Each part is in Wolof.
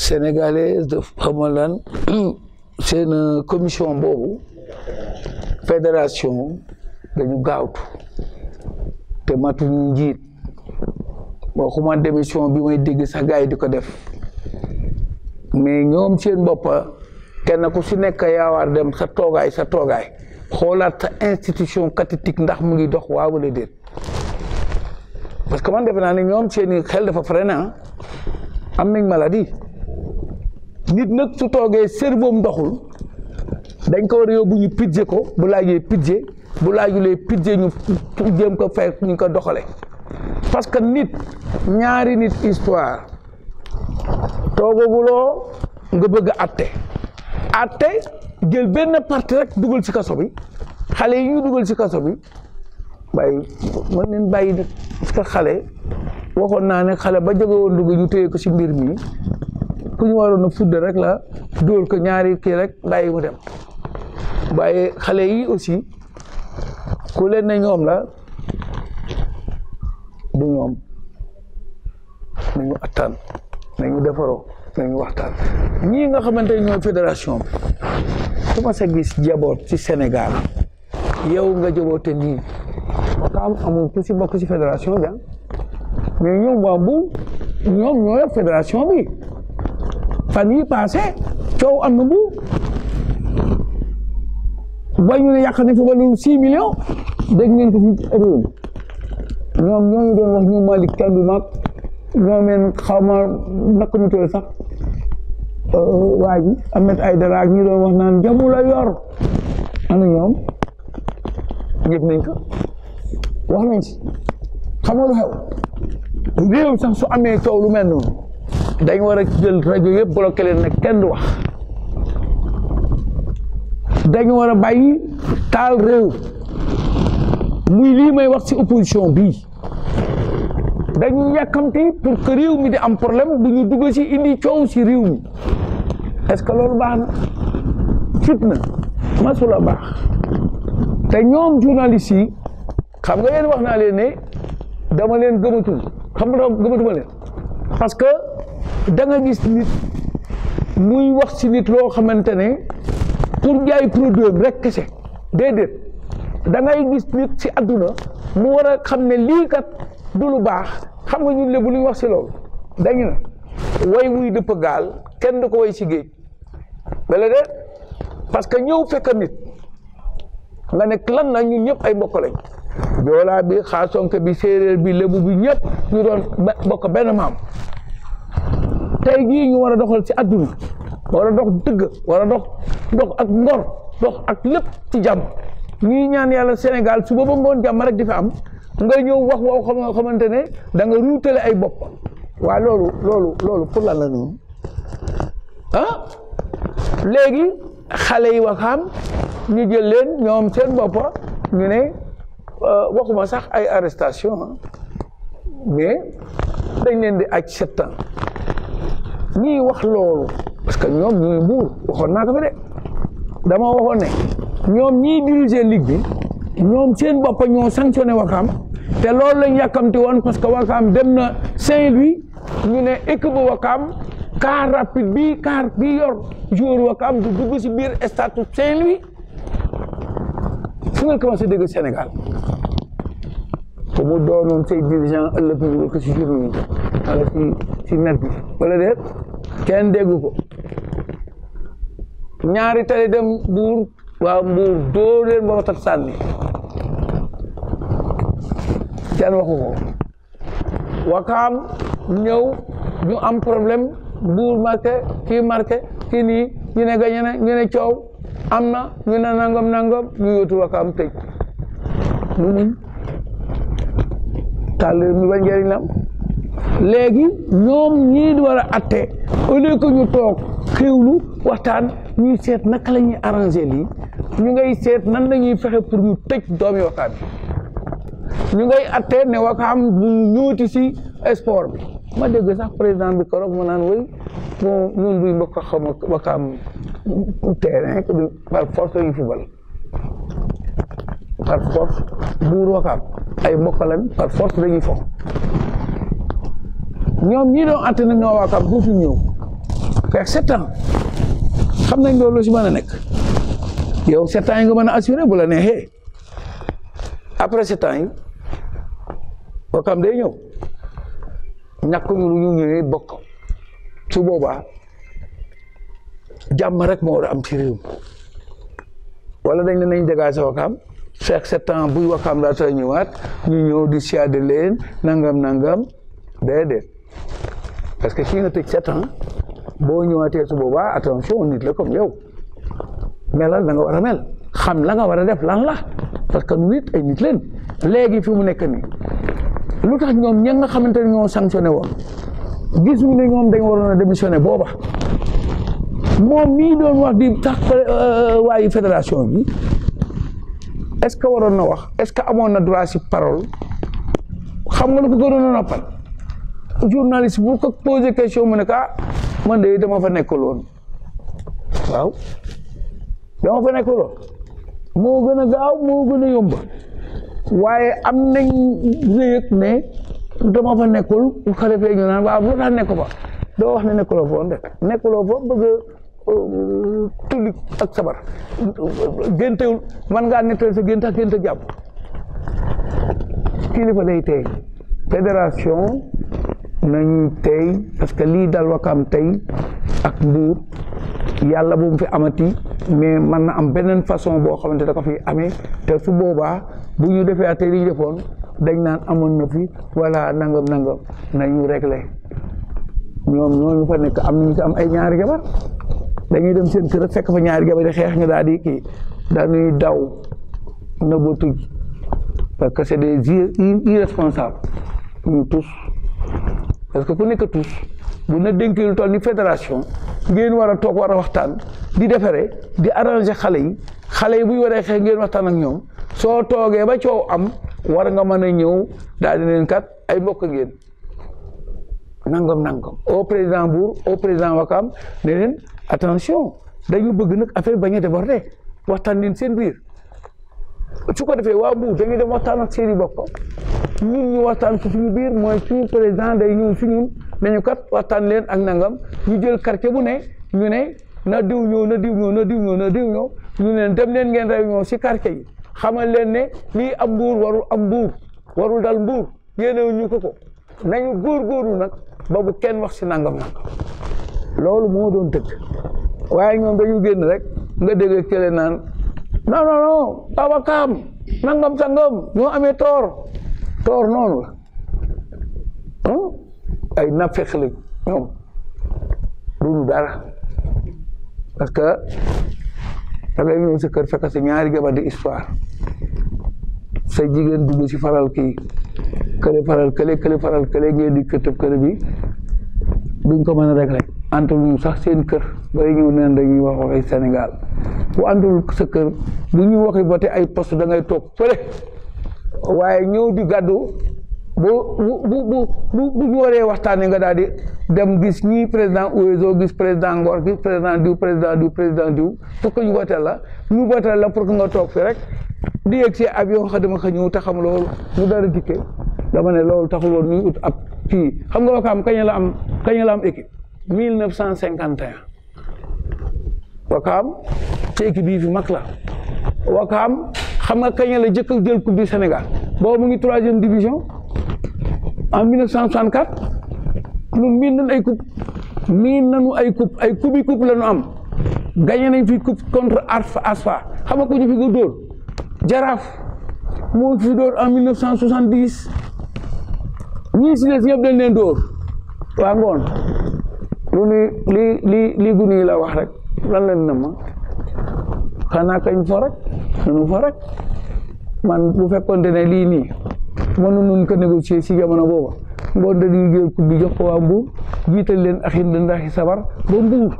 sénégalaise de xamal seen euh, commission boobu fédération dañu gaawtu te matuñu njiit waxuma démission bi may dégg sax gars yi di ko def mais ñoom seen boppa kenn ku si nekk yaawaar dem sa toogaay sa toogaay xoolaat a institution catholique ndax mu ngi dox waa wala déet parce que man defe naa ne ñoom seen xel dafa freiné ah. am nañ maladi nit nag su toogee cerveau am doxul dañ ko war a yóbbu ñu pidje ko bu laajee pidje bu laajulee pidje ñu jéem ko fay ñu ko doxale parce que nit ñaari nit histoire toogaguloo nga bëgg a atte atte jël benn parti rek dugal ci kaso bi xale yi ñu dugal ci kaso bi bàyyi mën leen bàyyi nit parce xale waxoon naa ne xale ba jóge woon dugg ñu téye ko ci mbir mi ku ñu waroon a fudd rek la dóor ko ñaari kii rek bàyyi mu dem waaye xale yi aussi ku leen ne ñoom la bu ñoom nañu attaan nañu defaroo nañu waxtaan ñii nga xamante ne ñooy fédération bi su sa gis jaboot ci Sénégal yow nga jaboote nii waxtaan amul ku si bokk ci fédération bi ah. mais ñoom waa bu ñoom ñoo yor fédération bi fan yii passé coow am na bu ba ñu ne yàq nañ fa ba lu 6 millions dégg ngeen ko fi réew mi doon wax ñu Malick Kandouma ñoo meen xaw ma naka mu tudd sax euh, waa ji Ahmed Aïdara ak ñu doon wax naan jamu la yor ñoom yëg nañ ko wax nañ ci xam nga lu xew réew sax su amee coow lu mel noonu. dañ war a jël rajo yëpp bloqué leen nag kenn du wax dañ war a bàyyi taal réew muy lii may wax ci opposition bii dañu yàkkamti pour que réew mi di am problème bu ñu dugg ci indi coow ci réew mi est-ce que loolu baax na fitna masula baax te ñoom journaliste yi xam nga leen wax naa leen ne dama leen gëmatul xam nga gëmatuma leen parce que da nga gis nit muy wax si nit loo xamante ne pour jaay produit rek kese déedéet da ngay gis nit si adduna mu war a xam ne lii kat du lu baax xam nga ñun lébu lu wax si loolu dañu na way wuy dëpp gaal kenn du ko way si géej bala de parce que ñëw fekk nit nga nekk lan la ñun ñëpp ay mbokk lañ joolaa bi xaasonke bi séeréer bi lébu bi ñëpp ñu doon bokk benn maam tey gii ñu war a doxal ci adduna war a dox dëgg war a dox ak ngor dox ak lépp ci jàmm ñuy ñaan yàlla Sénégal su booba ngoon jàmm rek di fi am nga ñëw wax woo xam nga xamante ne da nga ruutale ay bopp waa loolu loolu loolu pour lan la noonu ah léegi xale yi waxaam ñu jël leen ñoom seen boppa ñu ne euh, waxuma sax ay arrestation ah, mais dañ leen di aj sept ñii wax loolu parce que ñoom ñooy buur waxoon naa ko fi dama waxoon ne ñoom ñii diriger ligue ñoom seen bopp ñoo sanctionné Wakaam te lool lañ yàkkamti woon parce que Wakaam dem na Saint-Louis ñu ne équipe Wakaam car rapide bi car bi yor du dugg si biir stade Saint-Louis fu nga commencé dégg Sénégal te mu doonoon say dirigeant ëllëg ñu ko si journée wala si kenn déggu ko ñaari tali dem mbuur waa mbuur dóor leen ba watat sànni kenn waxu ko ñëw ñu am problème mbuur marqué kii marqué kii nii ñu ne gañe na ñu ne coow am na ñu ne nangam nangam ñu yóotu wakaam tëj mu muñ tàll mi ba njëriñ léegi ñoom ñii di atte au lieu que ñu toog xéewlu waxtaan ñuy seet naka la ñuy arrangé lii ñu ngay seet nan la ñuy pour ñu tëj doomi waxtaan ñu ngay attee ne waxam bu ñuuti si sport bi ma dégg sax président bi korog mu naan wéy bon ñun buy mbokk xam waxam terrain que par force la ñu par force buur waxam ay mbokk lan par force dañuy fo ñoom ñi doon atte na ñoo waxam du fi ñëw fekk sept ans xam nañ loolu si mën a nekk yow sept ans yi nga mën a assuré bu la neexee après sept ans yi wakam day ñëw ñàkk ñu lu ñu ñëwee bokk su boobaa jàmm rek moo war am ci réew wala dañ nañ dégager sa wakam fekk sept ans buy wakam daa ta ñëwaat ñu ñëw di siyaade leen nangam nangam déedéet parce que kii na tëj sept ans boo ñëwaatee su boobaa attention nit la comme yow melal da nga war mel xam la nga war a def lan la parce que nit ay nit leen léegi fi mu nekk nii lu tax ñoom ña nga xamante ne ñoo sanctionné woon gis ñu ne ñoom dañ waroon démissionné booba moom mii doon wax di tax waayu fédération bi est-ce que waroon na wax est-ce que amoon na droit si parole xam nga lu ko gënoon a journaliste bu ko posé question mu ne ah man de dama fa nekkul waaw dama fa nekkul moo gën a gaaw moo gën a yomb waaye am nañ yëg ne dama fa nekkul bu ko defee ñu naan waaw bu tax nekku fa doo wax ne nekkuloo fa woon nekkuloo fa bëgg uh, tulli ak sabar géntewul man ngaa nettal sa gént ak gént jàpp kilifa day tey fédération nañ tey parce que lii dal Wakaam tey ak Mbuur yàlla bu fi amati mais man na am beneen façon boo xamante da ko fi amee te su boobaa bu ñu defee at tey li ñu defoon dañ naan amoon na fi wala nangam nangam nañu réglé ñoom ñooñu fa nekk am nañu si am ay ñaari jabar dañuy dem seen kër fekk fa ñaari jabar di xeex ñu daal di kii dañuy daw nëbbatu parce que c'est des irresponsables ñu tous parce que ku nekk tous bu na dénkee lu toll ni fédération ngeen war a toog war a waxtaan di defare di arranger xale yi xale yi bu waree xeex ngeen waxtaan ak ñoom soo toogee ba coow am war nga mën a ñëw daal di leen kat ay mbokk ngeen nangam nangam au président Bour au président Wakam ne leen attention dañu bëgg nag affaire bañ a déborder waxtaan leen seen biir su ko defee waa Bour dañuy dem waxtaan ak seen bopp ñun ñu waxtaan ci suñu biir mooy suñu président day ñëw si ñun nañu kat waxtaan leen ak nangam ñu jël quartier bu ne ñu ne na diw ñëw na diw ñëw na diw ñëw na diw ñëw ñu leen dem leen ngeen réunion si quartier yi xamal leen ne lii am mbuur warul am mbuur warul dal mbuur yéenewu ñu ko ko nañu góorgóorlu nag ba bu kenn wax si nangam nangam loolu moo doon dëgg waaye ñoom dañu génn rek nga dégg kële naan non non non Kaam nangam sangam ñoo amee toor Tornol, noonu la ay nafeq la ñoom duñu dara parce que da ngay ñëw sa kër fekk ñaari di histoire sa dugg si faral kii kële faral kële kële faral kële ngeen di këtëb kële bi duñ ko mën a rek rek antal ñu sax seen kër bay ñëw neen dañuy wax waxi Sénégal bu antul sa kër du ay poste da ngay waaye ñëw di gàddu bu bu bu bu bu ñu waree waxtaanee nga daal di dem gis ñii président Ouezo gis président Ngor gis président diw président diw président diw pour que ñu wooteel la ñu wooteel la pour que nga toog fi rek di yegg si avion xa dama xa ñëw te xam loolu ñu dara dikkee dama ne loolu taxul woon ñuy ut ab kii xam nga Wakaam kañ la am kañ am équipe mille neuf cent cinquante et un Wakaam ci équipe yi fi mag la Wakaam xam nga kañ la jëkk a jël coupe du Sénégal boobu mu ngi troisième division en 1964 ñun miin nañu ay coupe miin nañu ay coupe ay coupe yi coupe la ñu am gagné nañ fi coupe contre Arfa xam nga ku ñu fi ko dóor jaraaf moo fi dóor en 1970 ñii si des ñëpp dañ leen dóor waa ngoon lu ni li li li guni la wax rek lan leen na ma xanaa kañ fo rek. nañu fa rek man bu fekkoon ne lii nii mënuñu ko négocier si jamono boobu ngoon dañuy jël coupe bi jox ko waa Mbour jiital leen ak indi ndax sabar ba Mbour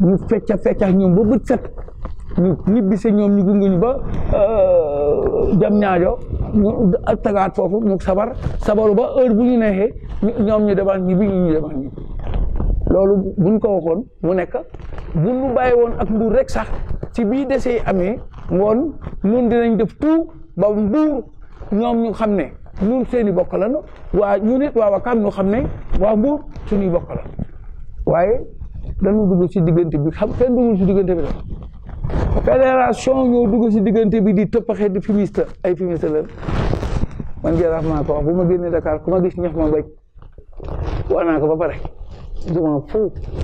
ñu fecca feccax ñoom ba bët set ñu ñibbise ñoom ñu gunguñu ba euh, jam ñaajo ñu tagaat foofu ñu sabar sabaru ba heure bu ñu neexee ñoom ñu demaat ñi bi ñu ñu demaat ñi loolu buñ ko waxoon mu nekk bu ñu bàyyi woon ak Mbour rek sax ci bii desee amee woon ñun dinañ def tout ba mbuur ñoom ñu xam ne ñun seeni i bokk lañu waa ñun it waa Wakaam ñu xam ne waa mbuur suñuy bokk la waaye dañu dugg ci diggante bi xam kenn duggul ci diggante bi la fédération ñoo dugg ci diggante bi di tëppaxee di ay fumiste la man jaraaf maa ko wax bu ma génnee Dakar ku ma gis ñax ma bañ wax naa ko ba pare duma foofu